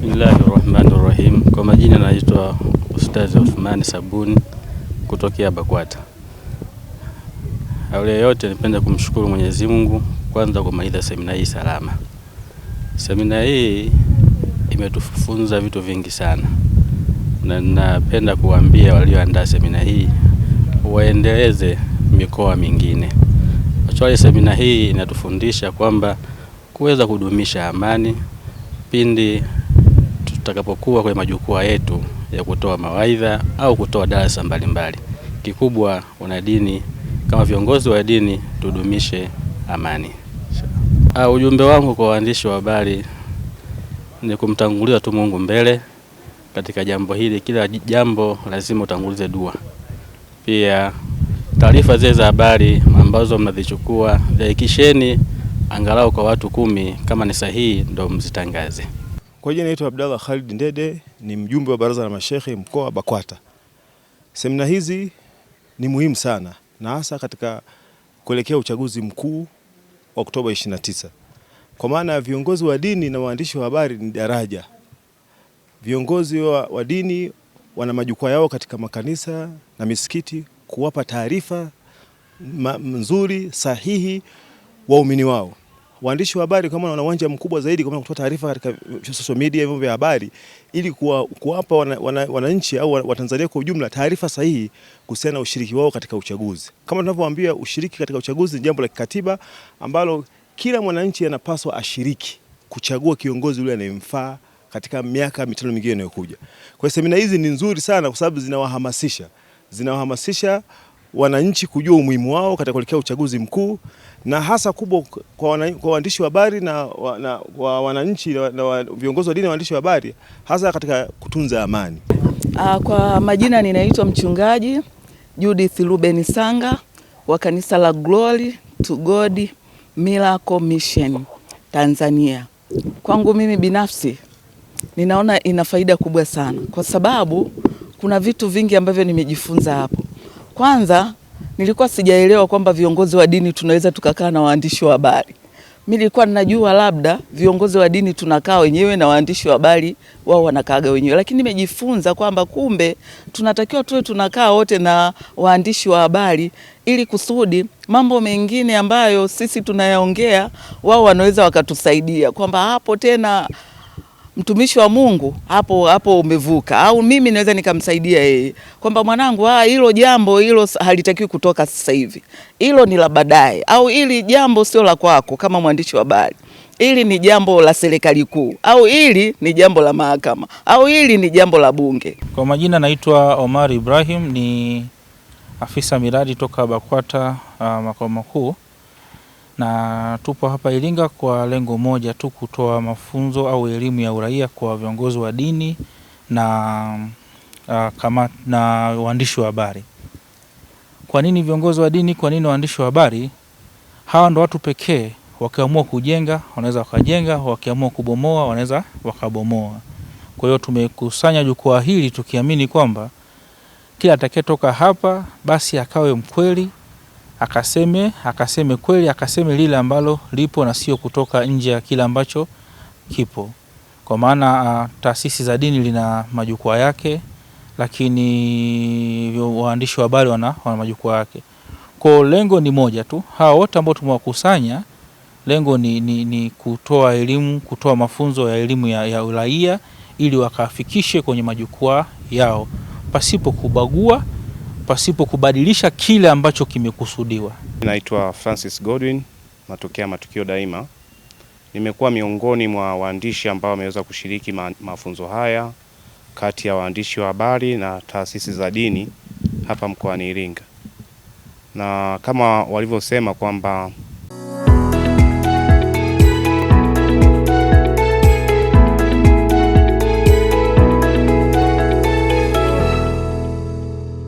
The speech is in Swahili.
Bismillahi rahmani rahim. Kwa majina naitwa Ustadhi Uthmani Sabuni kutokea BAKWATA. Awali ya yote, nipenda kumshukuru Mwenyezi Mungu kwanza kwa semina hii salama. Semina hii imetufunza vitu vingi sana, na napenda kuwaambia walioandaa semina hii waendeleze mikoa mingine. Actually, semina hii inatufundisha kwamba kuweza kudumisha amani pindi tutakapokuwa kwenye majukwaa yetu ya kutoa mawaidha au kutoa darasa mbalimbali. Kikubwa wanadini, kama viongozi wa dini, tudumishe amani. Ha, ah, ujumbe wangu kwa waandishi wa habari ni kumtanguliza tu Mungu mbele katika jambo hili. Kila jambo lazima utangulize dua. Pia taarifa zile za habari ambazo mnazichukua zihakikisheni angalau kwa watu kumi, kama ni sahihi, ndo mzitangaze. Kwa jina naitwa Abdallah Khalid Ndede, ni mjumbe wa baraza la mashehe mkoa BAKWATA. Semina hizi ni muhimu sana na hasa katika kuelekea uchaguzi mkuu wa Oktoba 29 kwa maana ya viongozi wa dini na waandishi wa habari ni daraja. Viongozi wa, wa dini wana majukwaa yao katika makanisa na misikiti kuwapa taarifa nzuri sahihi waumini wao waandishi wa habari kama wana uwanja mkubwa zaidi kwa kutoa taarifa katika social media, vyombo vya habari, ili kuwapa wananchi wana, wana au Watanzania kwa ujumla taarifa sahihi kuhusiana na ushiriki wao katika uchaguzi. Kama tunavyowaambia, ushiriki katika uchaguzi ni jambo la kikatiba ambalo kila mwananchi anapaswa ashiriki kuchagua kiongozi yule anayemfaa katika miaka mitano mingine inayokuja. Kwa hiyo semina hizi ni nzuri sana kwa sababu zinawahamasisha zinawahamasisha wananchi kujua umuhimu wao katika kuelekea uchaguzi mkuu na hasa kubwa kwa waandishi wa habari na kwa wananchi na viongozi wa dini na waandishi wa habari hasa katika kutunza amani. Ah, kwa majina ninaitwa Mchungaji Judith Ruben Sanga wa kanisa la Glory to God Miracle Mission Tanzania. Kwangu mimi binafsi ninaona ina faida kubwa sana, kwa sababu kuna vitu vingi ambavyo nimejifunza hapo kwanza nilikuwa sijaelewa kwamba viongozi wa dini tunaweza tukakaa na waandishi wa habari. Mimi nilikuwa ninajua labda viongozi wa dini tunakaa wenyewe na waandishi wa habari wao wanakaaga wenyewe, lakini nimejifunza kwamba kumbe tunatakiwa tuwe tunakaa wote na waandishi wa habari ili kusudi mambo mengine ambayo sisi tunayaongea wao wanaweza wakatusaidia kwamba hapo tena mtumishi wa Mungu hapo hapo umevuka, au mimi naweza nikamsaidia yeye kwamba mwanangu, ah, hilo jambo hilo halitakiwi kutoka sasa hivi, hilo ni la baadaye, au hili jambo sio la kwako kama mwandishi wa habari, hili ni jambo la serikali kuu, au hili ni jambo la mahakama, au hili ni jambo la bunge. Kwa majina naitwa Omar Ibrahim, ni afisa miradi toka BAKWATA uh, makao makuu na tupo hapa Iringa kwa lengo moja tu, kutoa mafunzo au elimu ya uraia kwa viongozi wa dini na, uh, kama, na waandishi wa habari. Kwa nini viongozi wa dini? Kwa nini waandishi wa habari? Hawa ndo watu pekee, wakiamua kujenga wanaweza wakajenga, wakiamua kubomoa wanaweza wakabomoa. Kwa hiyo tumekusanya jukwaa hili tukiamini kwamba kila atakayetoka hapa basi akawe mkweli akaseme, akaseme kweli, akaseme lile ambalo lipo na sio kutoka nje ya kile ambacho kipo, kwa maana taasisi za dini lina majukwaa yake, lakini waandishi wa habari wana, wana majukwaa yake. Kwa lengo ni moja tu, hawa wote ambao tumewakusanya lengo ni, ni, ni kutoa elimu, kutoa mafunzo ya elimu ya, ya uraia ili wakafikishe kwenye majukwaa yao pasipo kubagua pasipo kubadilisha kile ambacho kimekusudiwa. Naitwa Francis Godwin, natokea Matukio Daima. Nimekuwa miongoni mwa waandishi ambao wameweza kushiriki mafunzo haya kati ya waandishi wa habari na taasisi za dini hapa mkoani Iringa, na kama walivyosema kwamba